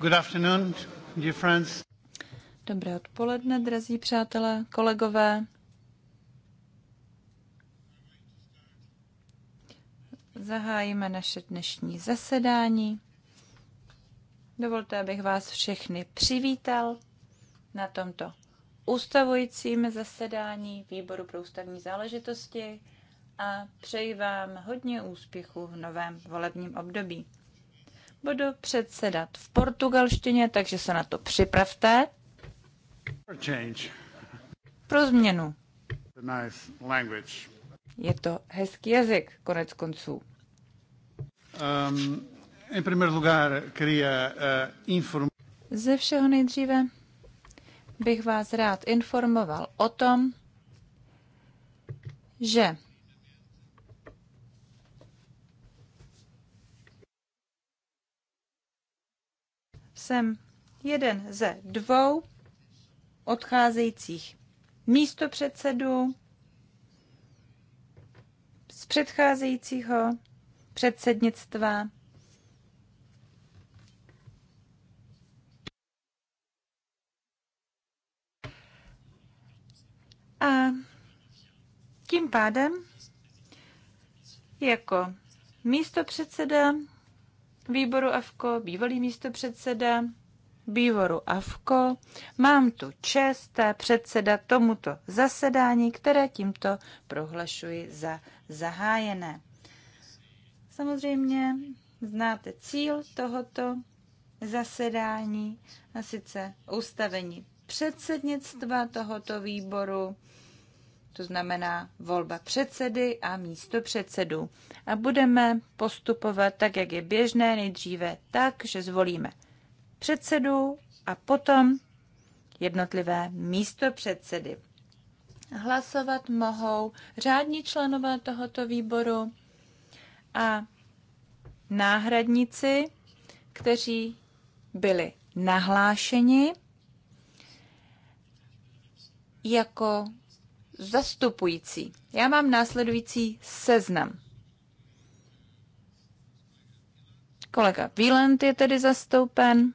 Good afternoon, dear friends. Dobré odpoledne, drazí přátelé, kolegové. Zahájíme naše dnešní zasedání. Dovolte, abych vás všechny přivítal na tomto ustavujícím zasedání Výboru pro ústavní záležitosti a přeji vám hodně úspěchu v novém volebním období. Budu předsedat v portugalštině, takže se na to připravte. Pro změnu. Je to hezký jazyk, konec konců. Um, uh, Ze všeho nejdříve bych vás rád informoval o tom, že jsem jeden ze dvou odcházejících místopředsedů z předcházejícího předsednictva. A tím pádem jako místopředseda výboru AFKO, bývalý místopředseda výboru AFKO. Mám tu čest předseda tomuto zasedání, které tímto prohlašuji za zahájené. Samozřejmě znáte cíl tohoto zasedání, a sice ustavení předsednictva tohoto výboru to znamená volba předsedy a místo předsedu. A budeme postupovat tak, jak je běžné, nejdříve tak, že zvolíme předsedu a potom jednotlivé místo předsedy. Hlasovat mohou řádní členové tohoto výboru a náhradníci, kteří byli nahlášeni jako zastupující. Já mám následující seznam. Kolega Wieland je tedy zastoupen.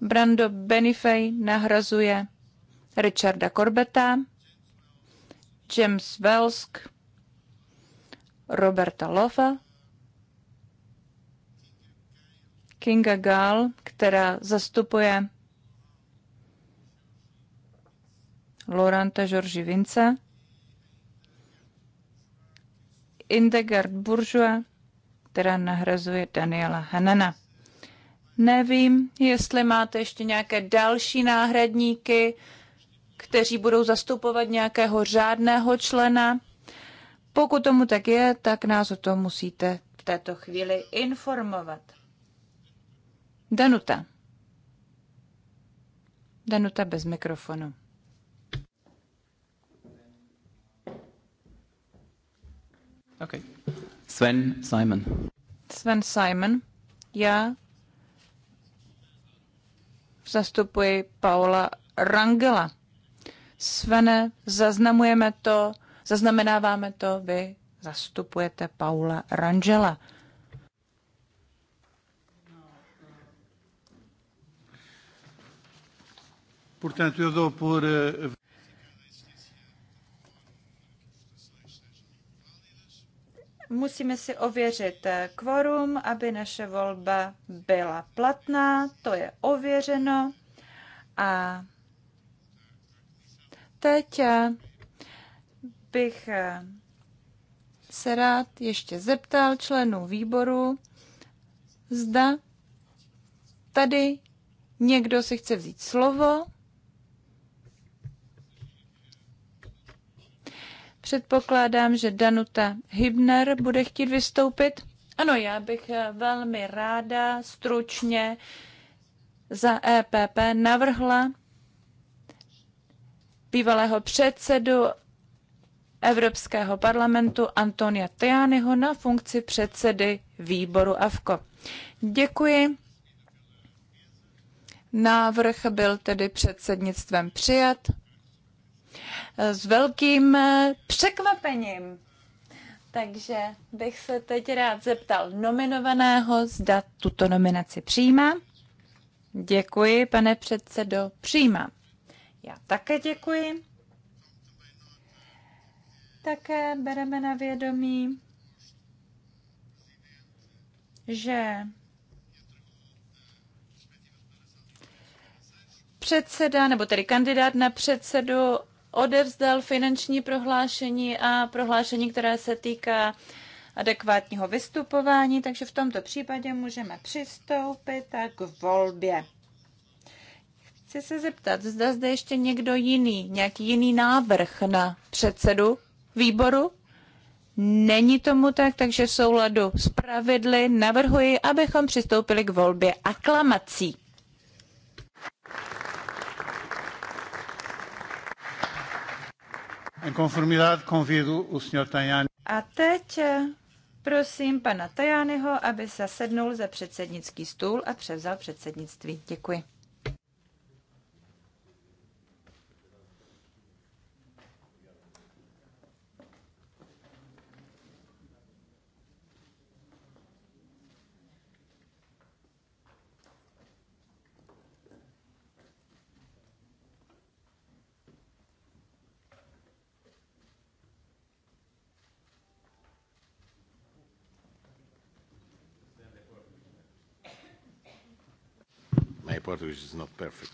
Brando Benifej nahrazuje Richarda Corbeta, James Welsk, Roberta Lova, Kinga Gall, která zastupuje Laurenta Georgi Vince, Indegard Bourgeois, která nahrazuje Daniela Hanana. Nevím, jestli máte ještě nějaké další náhradníky, kteří budou zastupovat nějakého řádného člena. Pokud tomu tak je, tak nás o tom musíte v této chvíli informovat. Danuta. Danuta bez mikrofonu. Okay. Sven Simon. Sven Simon. Já zastupuji Paula Rangela. Svene, zaznamujeme to, zaznamenáváme to, vy zastupujete Paula Rangela. Portanto, eu dou por eh, musíme si ověřit eh, kvorum, aby naše volba byla platná, to je ověřeno. A teď eh, bych eh, se rád ještě zeptal členů výboru, zda tady někdo si chce vzít slovo Předpokládám, že Danuta Hybner bude chtít vystoupit. Ano, já bych eh, velmi ráda stručně za EPP navrhla bývalého předsedu Evropského parlamentu Antonia Tajányho na funkci předsedy výboru AVKO. Děkuji. Návrh byl tedy předsednictvem přijat s velkým eh, překvapením. Takže bych se teď rád zeptal nominovaného, zda tuto nominaci přijímá. Děkuji, pane předsedo, přijímám. Já také děkuji. Také bereme na vědomí, že předseda, nebo tedy kandidát na předsedu odevzdal finanční prohlášení a prohlášení, které se týká adekvátního vystupování, takže v tomto případě můžeme přistoupit k volbě. Chci se zeptat, zda zde ještě někdo jiný, nějaký jiný návrh na předsedu výboru? Není tomu tak, takže v souladu s pravidly navrhuji, abychom přistoupili k volbě aklamací. A teď eh, prosím pana Tajányho, aby se sednul za předsednický stůl a převzal předsednictví. Děkuji. result which is not perfect.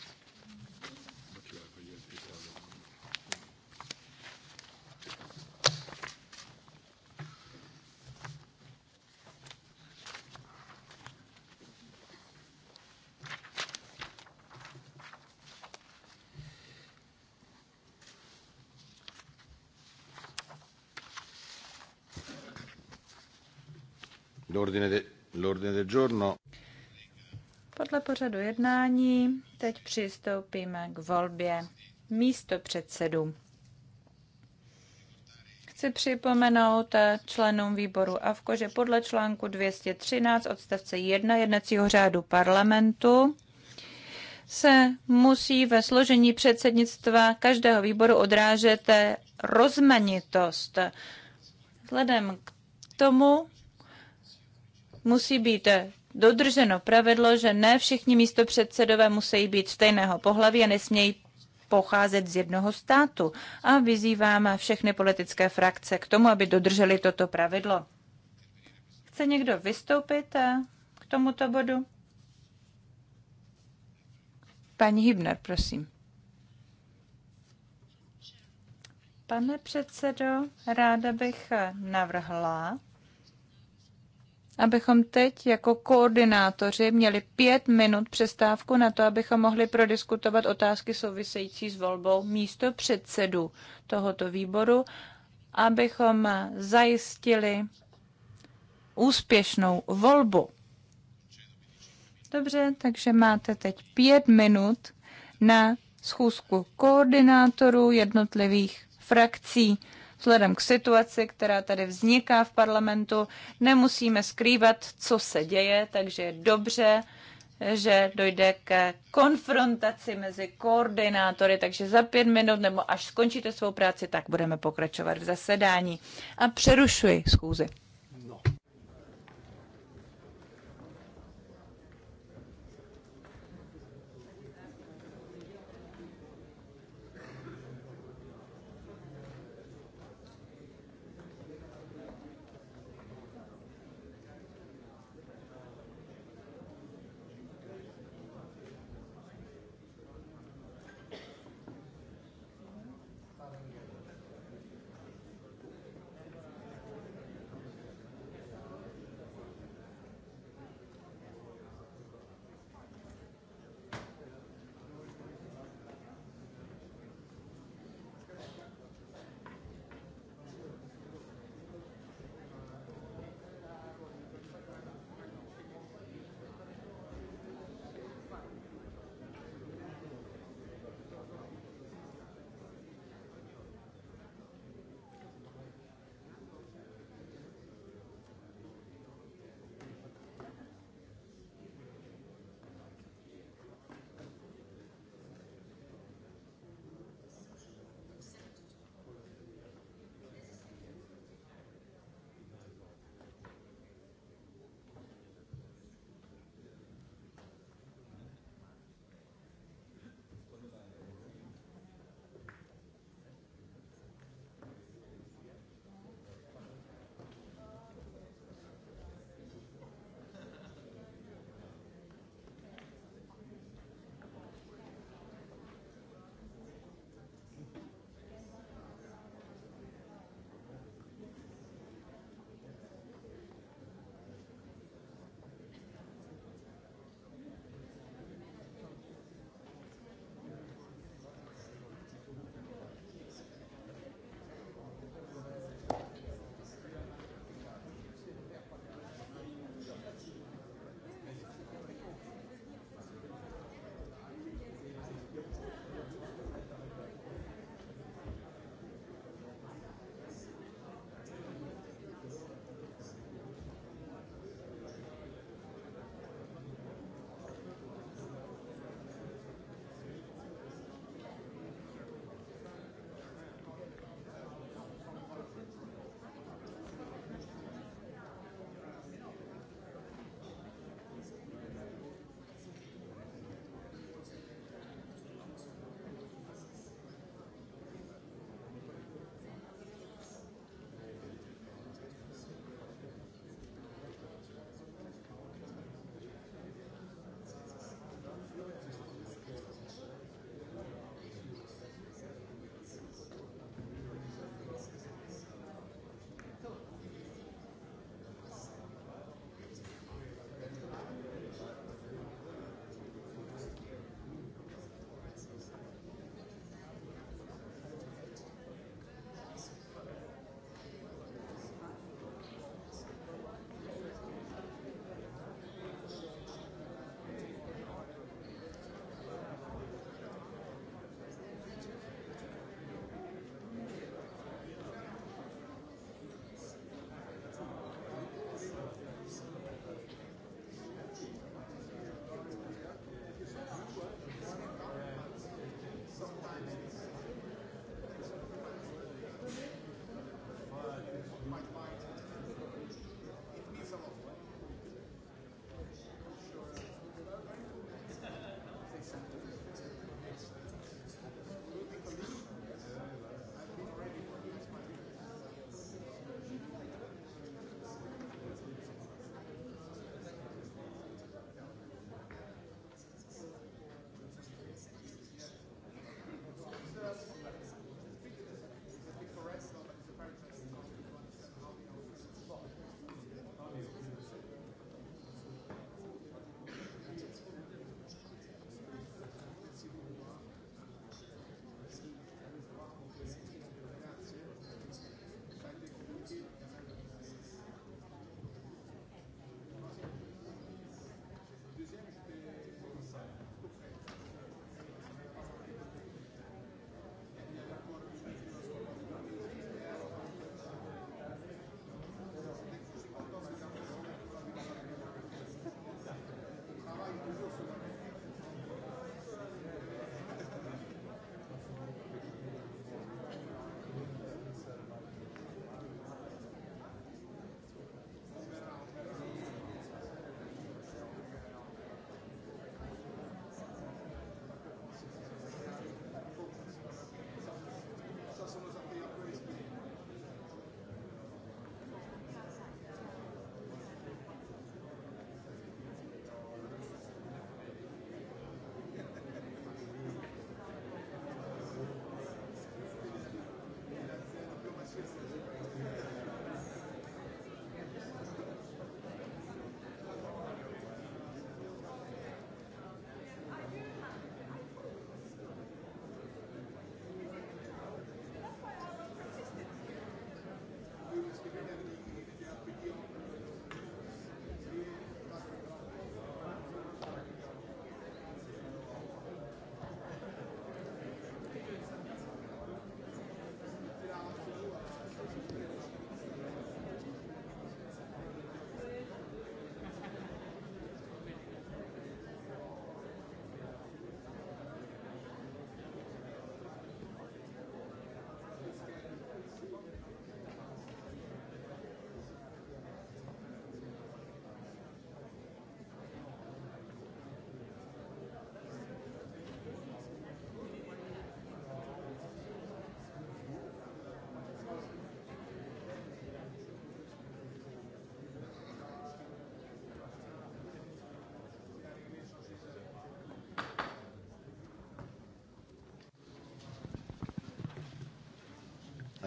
l'ordine del giorno podle pořadu jednání teď přistoupíme k volbě místo předsedů. Chci připomenout členům výboru AVKO, že podle článku 213 odstavce 1 jednacího řádu parlamentu se musí ve složení předsednictva každého výboru odrážet rozmanitost. Vzhledem k tomu musí být dodrženo pravidlo, že ne všichni místopředsedové musí být stejného pohlaví a nesmějí pocházet z jednoho státu a vyzývám všechny politické frakce k tomu, aby dodrželi toto pravidlo. Chce někdo vystoupit eh, k tomuto bodu? Paní Hibner, prosím. Pane předsedo, ráda bych eh, navrhla, abychom teď jako koordinátoři měli pět minut přestávku na to, abychom mohli prodiskutovat otázky související s volbou místo předsedu tohoto výboru, abychom zajistili úspěšnou volbu. Dobře, takže máte teď pět minut na schůzku koordinátorů jednotlivých frakcí. Vzhledem k situaci, která tady vzniká v parlamentu, nemusíme skrývat, co se děje, takže je dobře, že dojde ke konfrontaci mezi koordinátory, takže za pět minut nebo až skončíte svou práci, tak budeme pokračovat v zasedání. A přerušuji schůzi.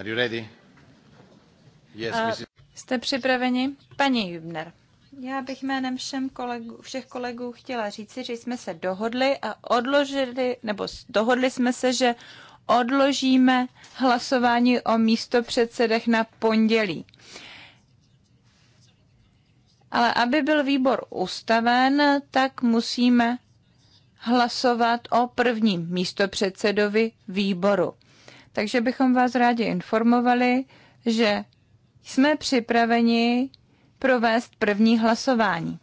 Are you ready? Yes, uh, Mrs. Jste připraveni? Paní Hübner. Já bych jménem všem kolegu, všech kolegů chtěla říci, že jsme se dohodli a odložili, nebo dohodli jsme se, že odložíme hlasování o místopředsedech na pondělí. Ale aby byl výbor ustaven, tak musíme hlasovat o prvním místopředsedovi výboru. Takže bychom vás rádi informovali, že jsme připraveni provést první hlasování.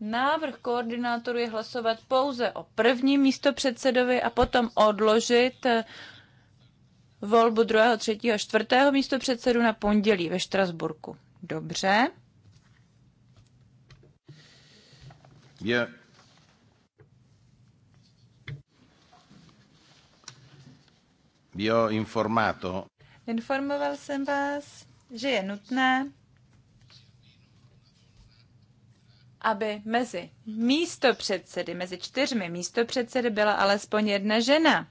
Návrh koordinátoru je hlasovat pouze o prvním místopředsedovi a potom odložit eh, volbu druhého, třetího a čtvrtého místopředsedu na pondělí ve Štrasburku. Dobře. Yeah. Vi ho informato. Informoval jsem vás, že je nutné, aby mezi místopředsedy, mezi čtyřmi místopředsedy byla alespoň jedna žena.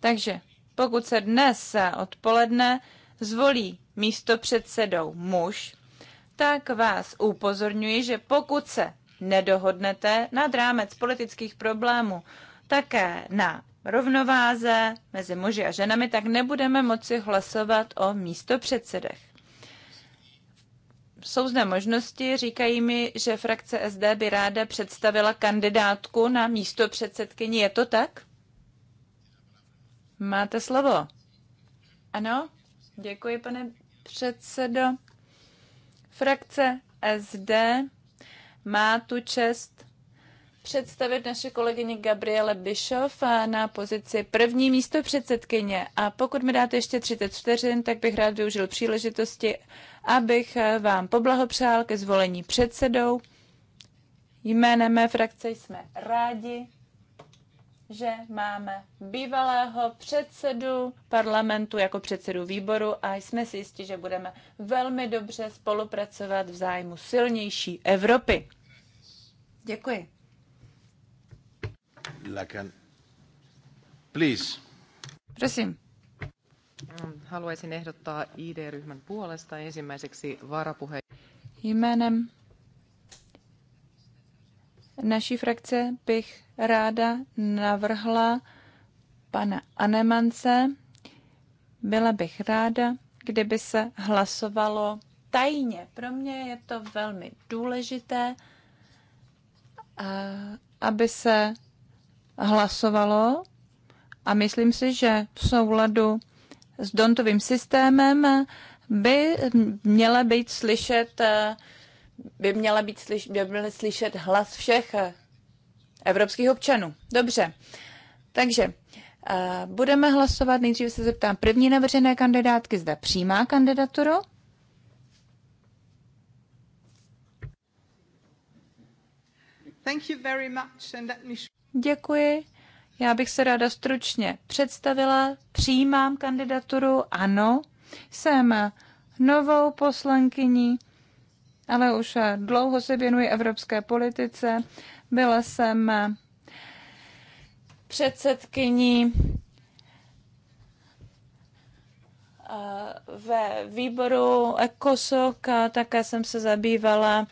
Takže pokud se dnes odpoledne zvolí místopředsedou muž, tak vás upozorňuji, že pokud se nedohodnete nad rámec politických problémů také na rovnováze mezi muži a ženami, tak nebudeme moci hlasovat o místopředsedech. Jsou zde možnosti, říkají mi, že frakce SD by ráda představila kandidátku na místo předsedkyni. Je to tak? Máte slovo. Ano, děkuji, pane předsedo. Frakce SD má tu čest představit naše kolegyně Gabriele Bischoff na pozici první místo předsedkyně. A pokud mi dáte ještě 30 vteřin, tak bych rád využil příležitosti, abych vám poblahopřál ke zvolení předsedou. Jménem mé frakce jsme rádi, že máme bývalého předsedu parlamentu jako předsedu výboru a jsme si jistí, že budeme velmi dobře spolupracovat v zájmu silnější Evropy. Děkuji. Lakan. Please. Prosím. Ähm, haluaisin ehdottaa ID-ryhmän puolesta ensimmäiseksi varapuhe. Jménem naší frakce bych ráda navrhla pana Anemance. Byla bych ráda, kdyby se hlasovalo tajně. Pro mě je to velmi důležité, aby se hlasovalo a myslím si, že v souladu s Dontovým systémem by měla být slyšet by měla být slyš, by měla slyšet hlas všech evropských občanů. Dobře, takže eh, budeme hlasovat. Nejdříve se zeptám první navržené kandidátky, zda přijímá kandidaturu. Thank you very much and let me... Děkuji. Já bych se ráda stručně představila. Přijímám kandidaturu, ano. Jsem novou poslankyní, ale už dlouho se věnuji evropské politice. Byla jsem předsedkyní ve výboru ECOSOC a také jsem se zabývala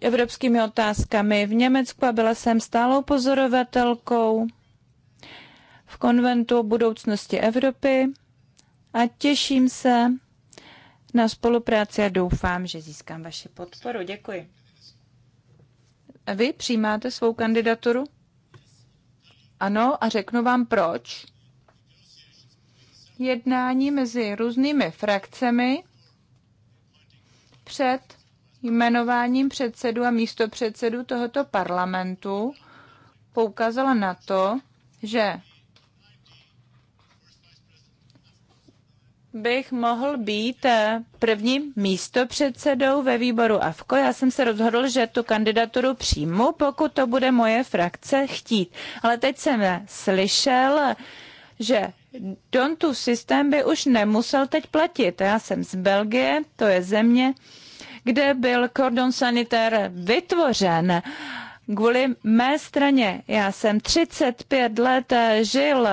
evropskými otázkami v Německu a byla jsem stálou pozorovatelkou v konventu o budoucnosti Evropy a těším se na spolupráci a doufám, že získám vaši podporu. Děkuji. A vy přijímáte svou kandidaturu? Ano, a řeknu vám proč. Jednání mezi různými frakcemi před jmenováním předsedu a místopředsedu tohoto parlamentu poukázala na to, že bych mohl být eh, prvním místopředsedou ve výboru AFKO. Já jsem se rozhodl, že tu kandidaturu přijmu, pokud to bude moje frakce chtít. Ale teď jsem slyšel, že Dontův systém by už nemusel teď platit. Já jsem z Belgie, to je země, kde byl kordon sanitér vytvořen kvůli mé straně. Já jsem 35 let žil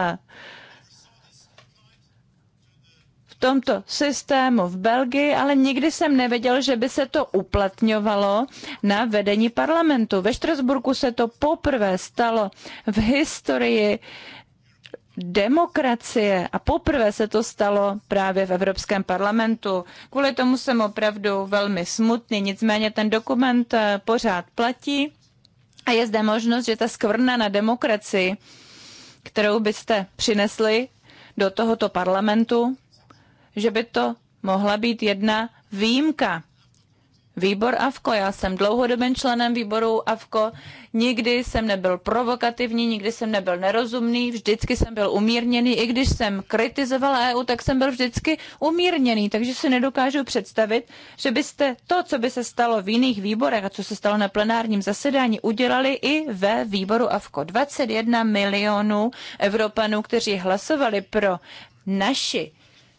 v tomto systému v Belgii, ale nikdy jsem nevěděl, že by se to uplatňovalo na vedení parlamentu. Ve Štrasburku se to poprvé stalo v historii demokracie a poprvé se to stalo právě v Evropském parlamentu. Kvůli tomu jsem opravdu velmi smutný, nicméně ten dokument eh, pořád platí a je zde možnost, že ta skvrna na demokracii, kterou byste přinesli do tohoto parlamentu, že by to mohla být jedna výjimka výbor Afko, Já jsem dlouhodobým členem výboru Afko. nikdy jsem nebyl provokativní, nikdy jsem nebyl nerozumný, vždycky jsem byl umírněný. I když jsem kritizoval EU, tak jsem byl vždycky umírněný, takže si nedokážu představit, že byste to, co by se stalo v jiných výborech a co se stalo na plenárním zasedání, udělali i ve výboru Afko. 21 milionů Evropanů, kteří hlasovali pro naši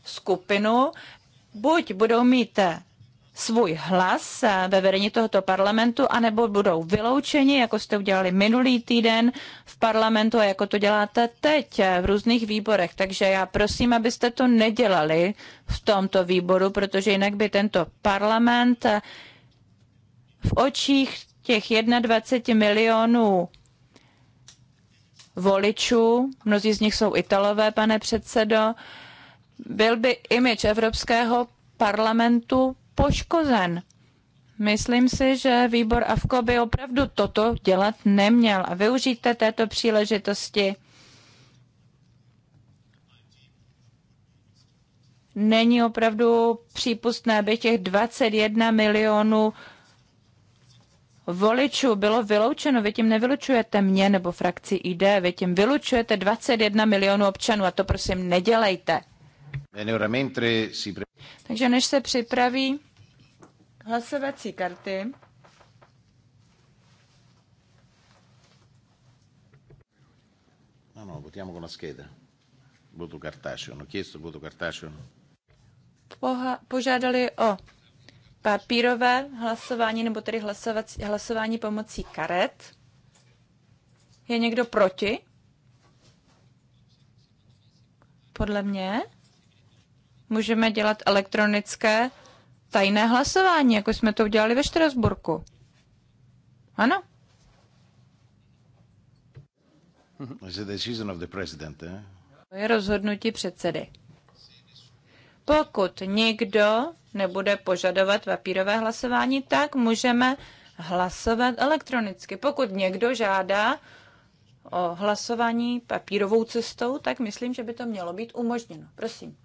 skupinu, buď budou mít svůj hlas ve vedení tohoto parlamentu, anebo budou vyloučeni, jako jste udělali minulý týden v parlamentu a jako to děláte teď v různých výborech. Takže já prosím, abyste to nedělali v tomto výboru, protože jinak by tento parlament v očích těch 21 milionů voličů, mnozí z nich jsou Italové, pane předsedo, byl by imič Evropského parlamentu poškozen. Myslím si, že výbor AFKO by opravdu toto dělat neměl a využijte této příležitosti. Není opravdu přípustné, aby těch 21 milionů voličů bylo vyloučeno. Vy tím nevylučujete mě nebo frakci ID, vy tím vylučujete 21 milionů občanů a to prosím nedělejte. Takže než se připraví hlasovací karty. No, no, votiamo con la scheda. Voto cartaceo. Hanno chiesto voto cartaceo. Poha- požádali o papírové hlasování, nebo tedy hlasovací, hlasování pomocí karet. Je někdo proti? Podle mě můžeme dělat elektronické tajné hlasování, jako jsme to udělali ve Štrasburku. Ano? Eh? To je rozhodnutí předsedy. Pokud nikdo nebude požadovat papírové hlasování, tak můžeme hlasovat elektronicky. Pokud někdo žádá o hlasování papírovou cestou, tak myslím, že by to mělo být umožněno. Prosím.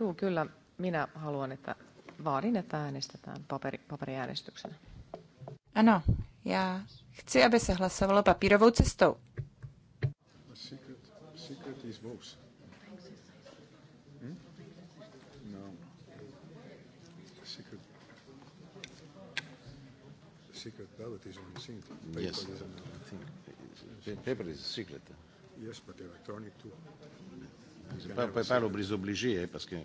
Jo, kyllä minä haluan, että vaadin, että äänestetään paperi, paperiäänestyksenä. Ano, ja chci, aby se hlasovalo papírovou cestou. Secret, secret hmm? no. Secret. Secret ballot is on sync. Paper yes, is on I think paper is secret. Yes, but electronic too. Pas, pas, pas l'obligé, parce que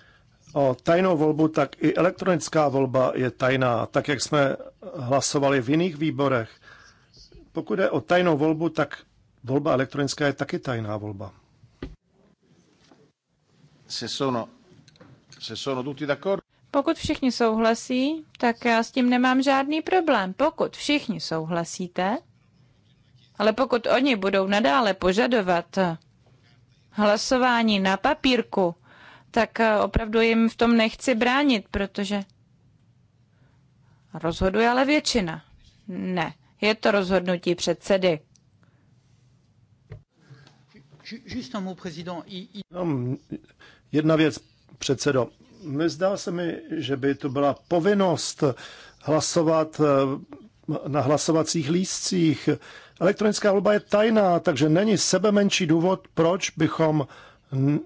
o tajnou volbu, tak i elektronická volba je tajná, tak jak jsme hlasovali v jiných výborech. Pokud je o tajnou volbu, tak volba elektronická je taky tajná volba. Se sono, se sono tutti d'accordo? Pokud všichni souhlasí, tak já s tím nemám žádný problém. Pokud všichni souhlasíte, ale pokud oni budou nadále požadovat hlasování na papírku, tak eh, opravdu jim v tom nechci bránit, protože rozhoduje ale většina. Ne, je to rozhodnutí předsedy. No, jedna věc, předsedo. Nezdá se mi, že by to byla povinnost hlasovat eh, na hlasovacích lístcích. Elektronická volba je tajná, takže není sebe menší důvod, proč bychom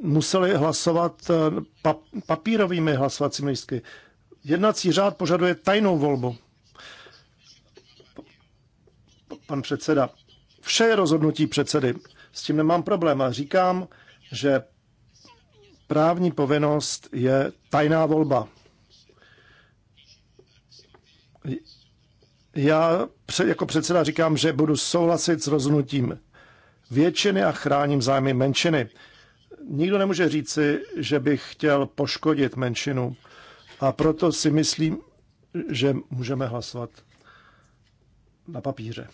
museli hlasovat eh, papírovými hlasovacími lístky. Jednací řád požaduje tajnou volbu. Pan předseda, vše je rozhodnutí předsedy. S tím nemám problém a říkám, že právní povinnost je tajná volba. Já jako předseda říkám, že budu souhlasit s rozhodnutím většiny a chráním zájmy menšiny nikdo nemůže říci, že bych chtěl poškodit menšinu. A proto si myslím, že můžeme hlasovat na papíře.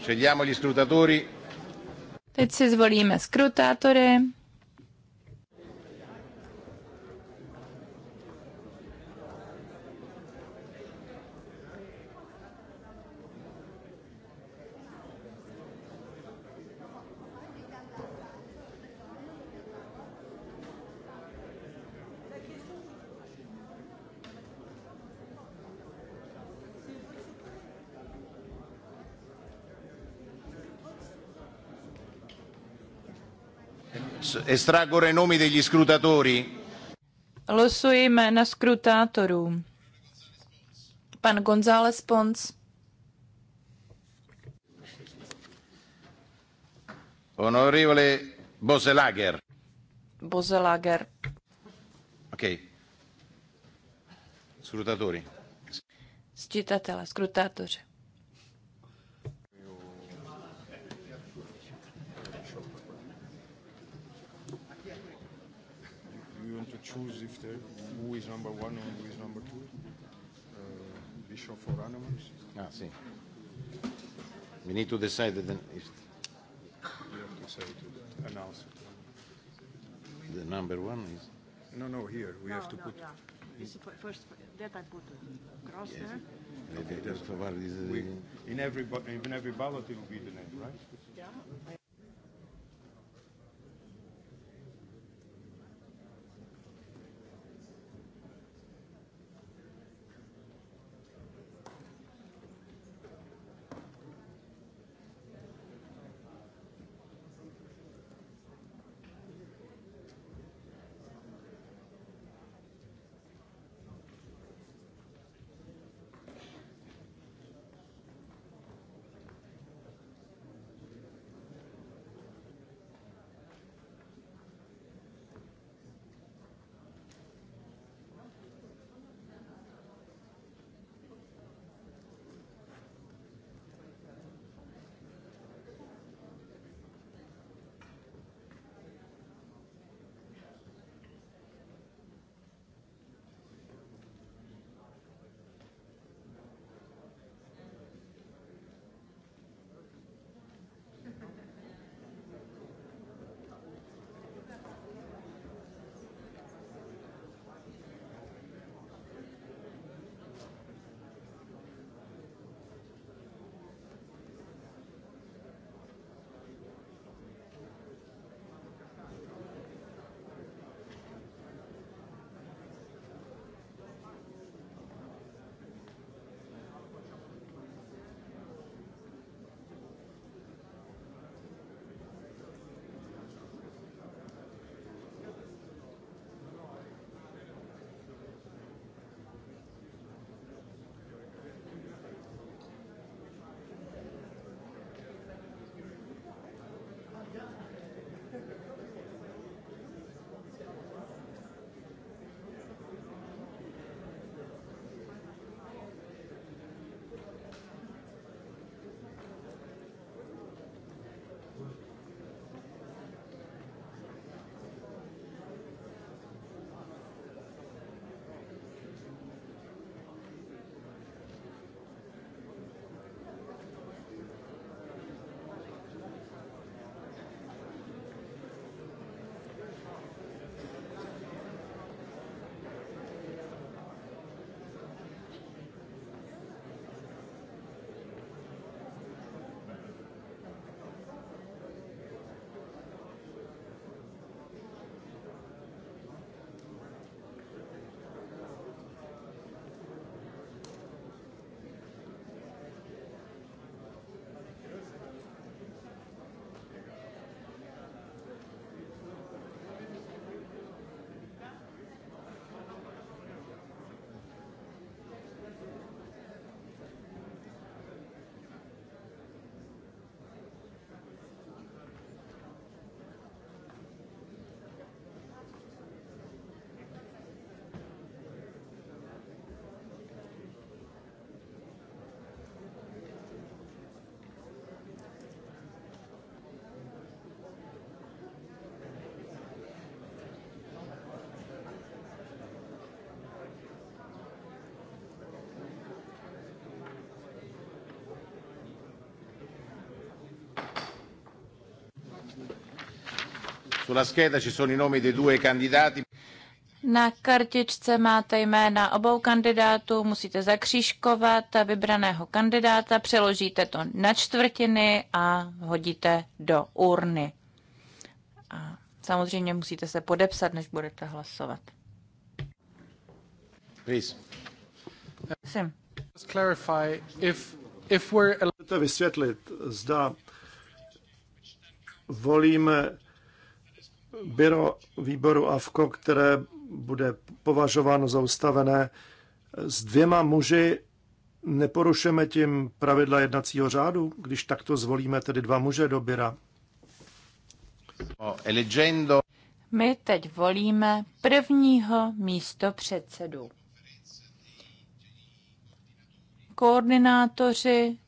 Scegliamo gli scrutatori. Teď si zvolíme skrutátory. estraggono i nomi degli scrutatori? Losuji jména skrutátorů. Pan González Pons. Honorevole Boselager. Boselager. Ok. Scrutatori. Sčítatele, skrutátoři. choose if who is number one and who is number two. Uh, bishop for animals. Ah, sì. We need to decide then if. You have to say to announce it. The number one is. No, no. Here we no, have to no, put. Yeah. It's first that I put uh, cross yes. there. Okay, that's, we, in every in every ballot it will be the name, right? Yeah. Sulla scheda ci sono i nomi dei due candidati. Na kartičce máte jména obou kandidátů, musíte zakřížkovat vybraného kandidáta, přeložíte to na čtvrtiny a hodíte do urny. A samozřejmě musíte se podepsat, než budete hlasovat. Please. Sim. Vysvětlit, zda volíme byro výboru AFKO, které bude považováno za ustavené s dvěma muži, neporušujeme tím pravidla jednacího řádu, když takto zvolíme tedy dva muže do byra? My teď volíme prvního místo předsedu. Koordinátoři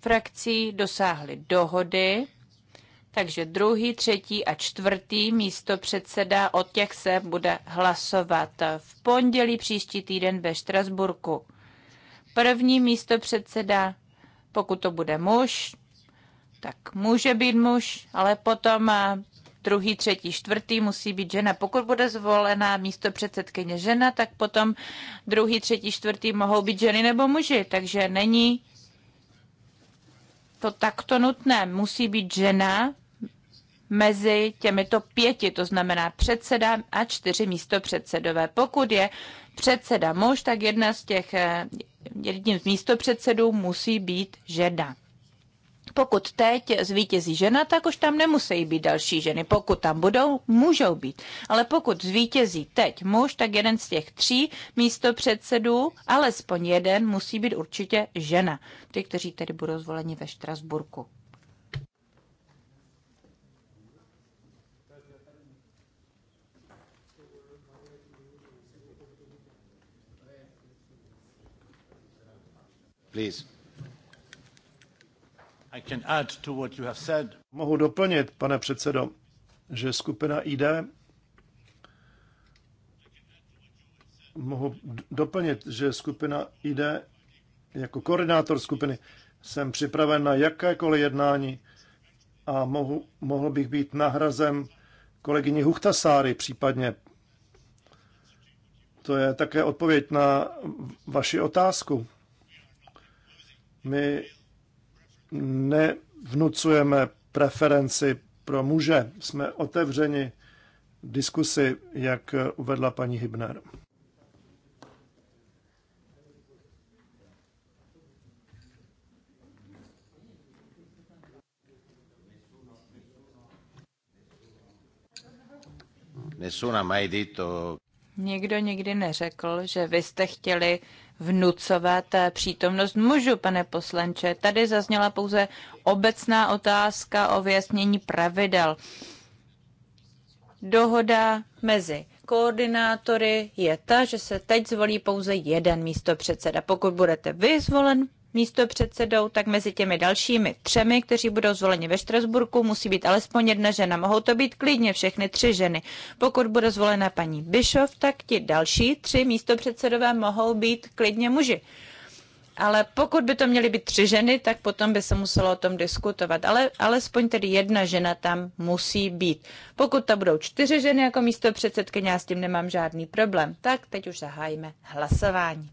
frakcí dosáhli dohody takže druhý, třetí a čtvrtý místo předseda, od těch se bude hlasovat v pondělí příští týden ve Štrasburku. První místo předseda, pokud to bude muž, tak může být muž, ale potom eh, druhý, třetí, čtvrtý musí být žena. Pokud bude zvolená místo předsedkyně žena, tak potom druhý, třetí, čtvrtý mohou být ženy nebo muži. Takže není to takto nutné. Musí být žena mezi těmito pěti, to znamená předseda a čtyři místopředsedové. Pokud je předseda muž, tak jedna z těch, eh, jedním z místopředsedů musí být žena. Pokud teď zvítězí žena, tak už tam nemusí být další ženy. Pokud tam budou, můžou být. Ale pokud zvítězí teď muž, tak jeden z těch tří místo předsedů, alespoň jeden, musí být určitě žena. Ty, kteří tedy budou zvoleni ve Štrasburku. Please. I can add to what you have said. Mohu doplnit, pane předsedo, že skupina ID mohu doplnit, že skupina ID jako koordinátor skupiny jsem připraven na jakékoliv jednání a mohu, mohl bych být nahrazem kolegyni Huchtasáry případně. To je také odpověď na vaši otázku. My nevnucujeme preferenci pro muže. Jsme otevřeni diskusi, jak uvedla paní Hybner. Nikdo nikdy neřekl, že vy jste chtěli vnucovat eh, přítomnost mužů, pane poslanče. Tady zazněla pouze obecná otázka o vyjasnění pravidel. Dohoda mezi koordinátory je ta, že se teď zvolí pouze jeden místo předseda. Pokud budete vy zvolen, místo předsedou, tak mezi těmi dalšími třemi, kteří budou zvoleni ve Štrasburku, musí být alespoň jedna žena. Mohou to být klidně všechny tři ženy. Pokud bude zvolena paní Bischoff, tak ti další tři místo předsedové mohou být klidně muži. Ale pokud by to měly být tři ženy, tak potom by se muselo o tom diskutovat. Ale alespoň tedy jedna žena tam musí být. Pokud to budou čtyři ženy jako místo předsedkyně, já s tím nemám žádný problém. Tak teď už zahájíme hlasování.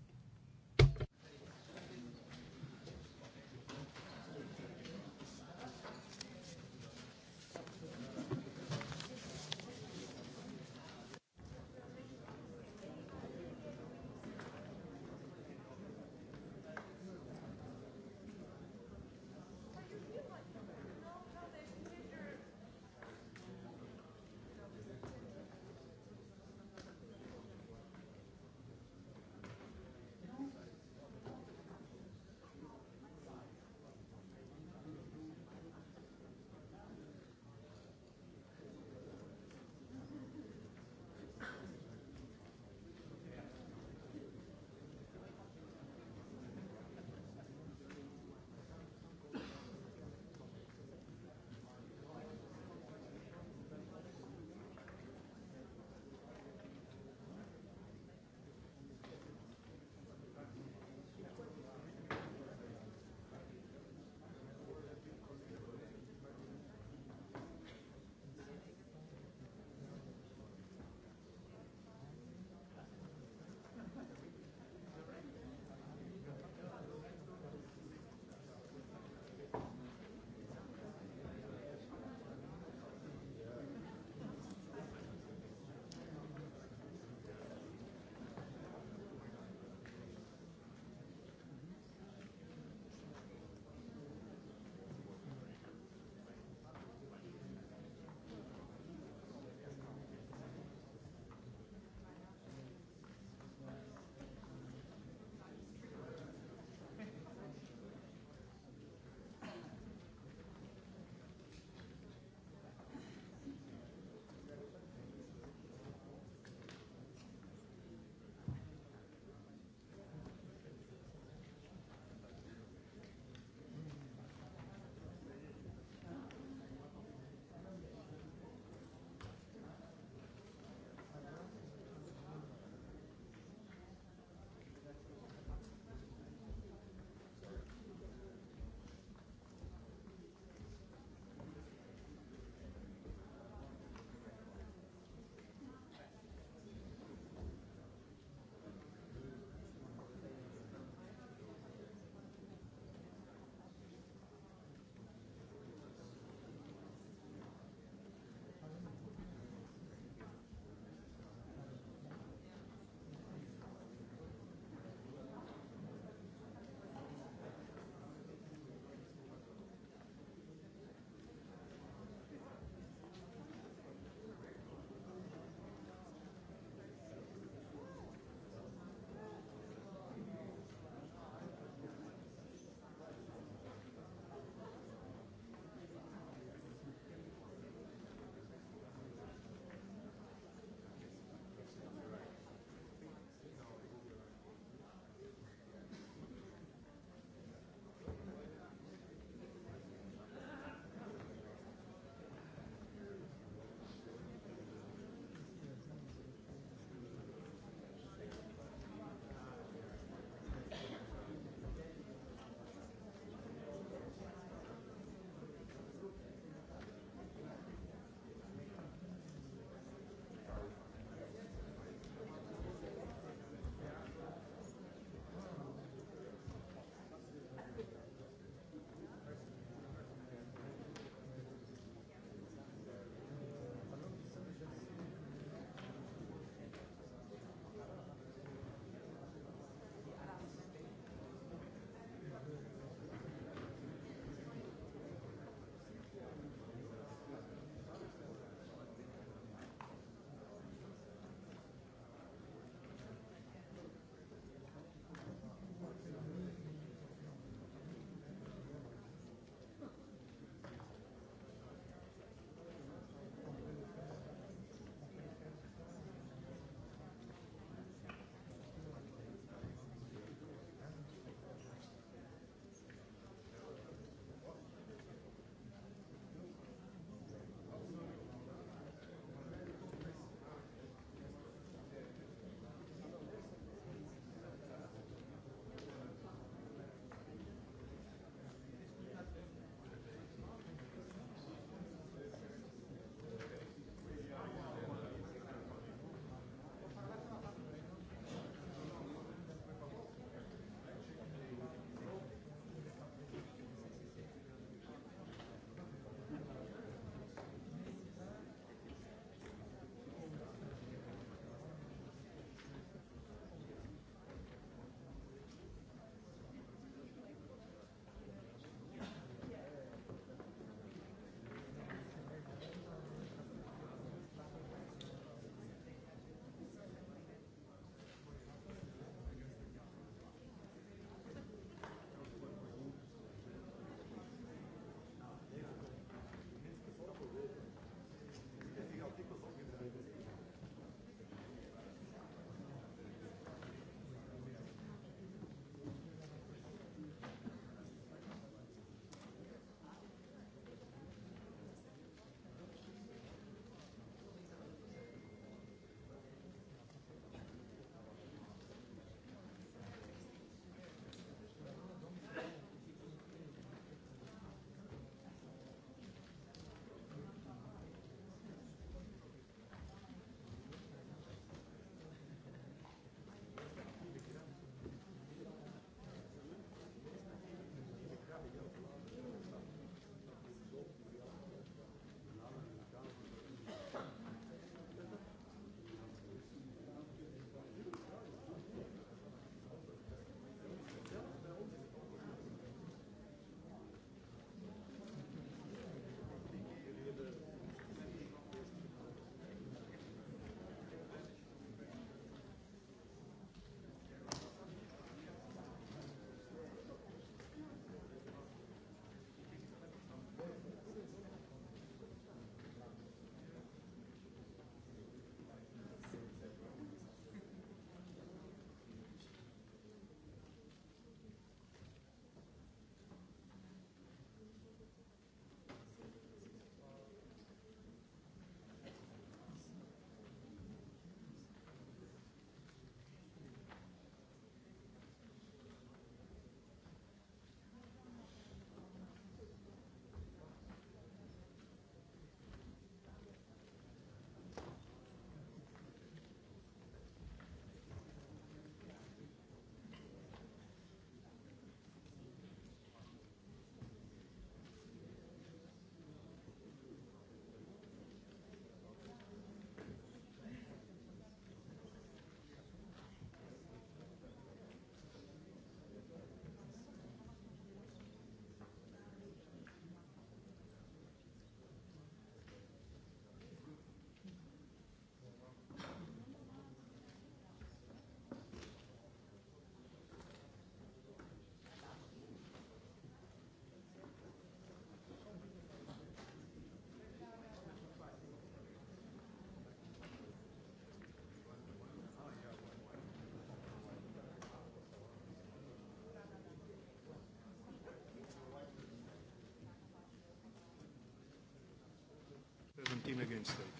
team against it.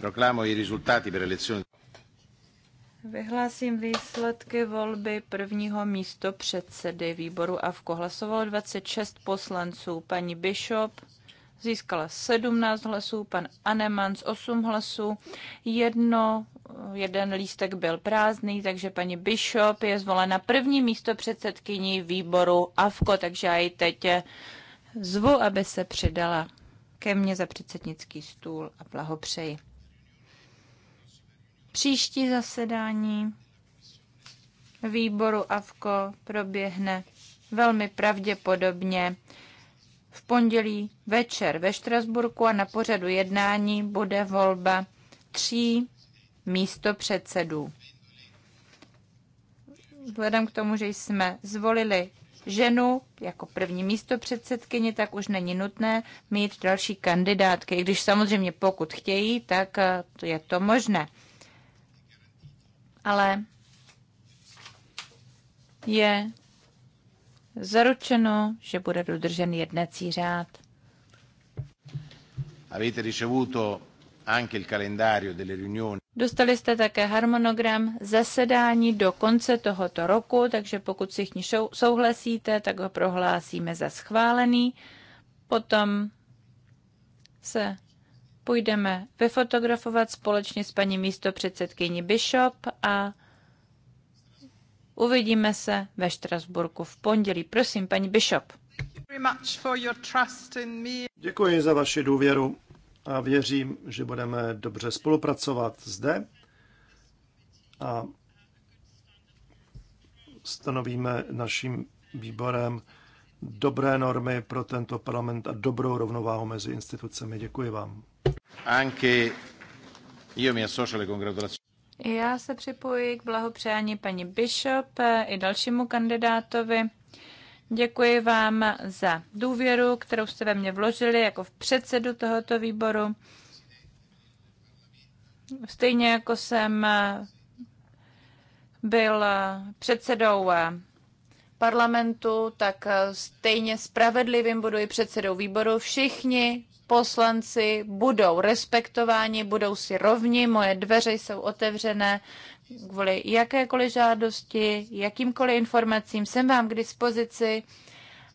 Proklamo i rezultáty per elezione. Vyhlásím výsledky volby prvního místo předsedy výboru AVKO. Hlasovalo 26 poslanců. Paní Bishop získala 17 hlasů, pan Anemans 8 hlasů, jedno jeden lístek byl prázdný, takže paní Bishop je zvolena první místo předsedkyní výboru AFKO, takže já ji teď zvu, aby se přidala ke mně za předsednický stůl a blahopřeji. Příští zasedání výboru AFKO proběhne velmi pravděpodobně v pondělí večer ve Štrasburku a na pořadu jednání bude volba tří místo předsedů. Vzhledem k tomu, že jsme zvolili ženu jako první místo předsedkyni, tak už není nutné mít další kandidátky. I když samozřejmě pokud chtějí, tak eh, je to možné. Ale je zaručeno, že bude dodržen jednací řád. Avete ricevuto anche il calendario delle riunioni. Dostali jste také harmonogram zasedání do konce tohoto roku, takže pokud všichni souhlasíte, tak ho prohlásíme za schválený. Potom se půjdeme vyfotografovat společně s paní místopředsedkyní Bishop a uvidíme se ve Štrasburku v pondělí. Prosím, paní Bishop. Děkuji za vaši důvěru a věřím, že budeme dobře spolupracovat zde a stanovíme naším výborem dobré normy pro tento parlament a dobrou rovnováhu mezi institucemi. Děkuji vám. Anky, mi Já se připojuji k blahopřání paní Bishop i dalšímu kandidátovi. Děkuji vám za důvěru, kterou jste ve mně vložili jako v předsedu tohoto výboru. Stejně jako jsem byl předsedou parlamentu, tak stejně spravedlivým budu i předsedou výboru. Všichni poslanci budou respektováni, budou si rovni, moje dveře jsou otevřené kvůli jakékoliv žádosti, jakýmkoliv informacím jsem vám k dispozici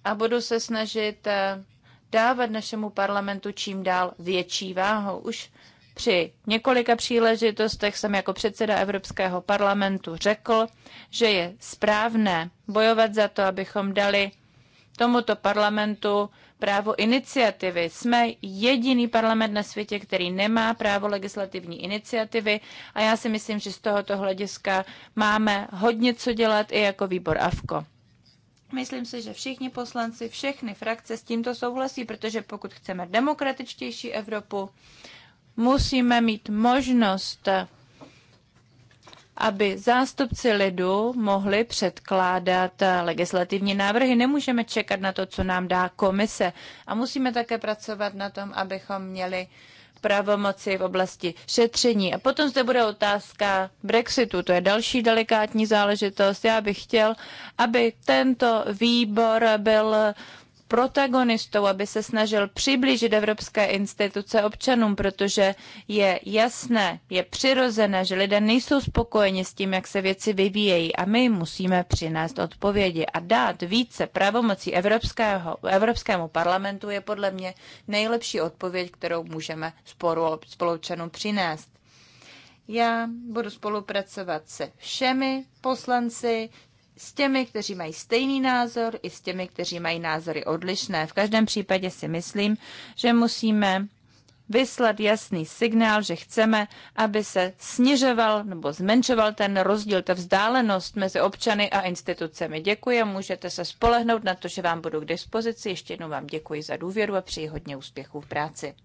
a budu se snažit eh, dávat našemu parlamentu čím dál větší váhu. Už při několika příležitostech jsem jako předseda Evropského parlamentu řekl, že je správné bojovat za to, abychom dali tomuto parlamentu právo iniciativy. Jsme jediný parlament na světě, který nemá právo legislativní iniciativy a já si myslím, že z tohoto hlediska máme hodně co dělat i jako výbor AFKO. Myslím si, že všichni poslanci, všechny frakce s tímto souhlasí, protože pokud chceme demokratičtější Evropu, musíme mít možnost aby zástupci lidu mohli předkládat eh, legislativní návrhy. Nemůžeme čekat na to, co nám dá komise. A musíme také pracovat na tom, abychom měli pravomoci v oblasti šetření. A potom zde bude otázka Brexitu. To je další delikátní záležitost. Já bych chtěl, aby tento výbor byl protagonistou, aby se snažil přiblížit evropské instituce občanům, protože je jasné, je přirozené, že lidé nejsou spokojeni s tím, jak se věci vyvíjejí a my musíme přinést odpovědi a dát více pravomocí evropského, Evropskému parlamentu je podle mě nejlepší odpověď, kterou můžeme sporu spoluobčanům přinést. Já budu spolupracovat se všemi poslanci, s těmi, kteří mají stejný názor, i s těmi, kteří mají názory odlišné. V každém případě si myslím, že musíme vyslat jasný signál, že chceme, aby se snižoval nebo zmenšoval ten rozdíl, ta vzdálenost mezi občany a institucemi. Děkuji, a můžete se spolehnout na to, že vám budu k dispozici. Ještě jednou vám děkuji za důvěru a přeji hodně úspěchů v práci.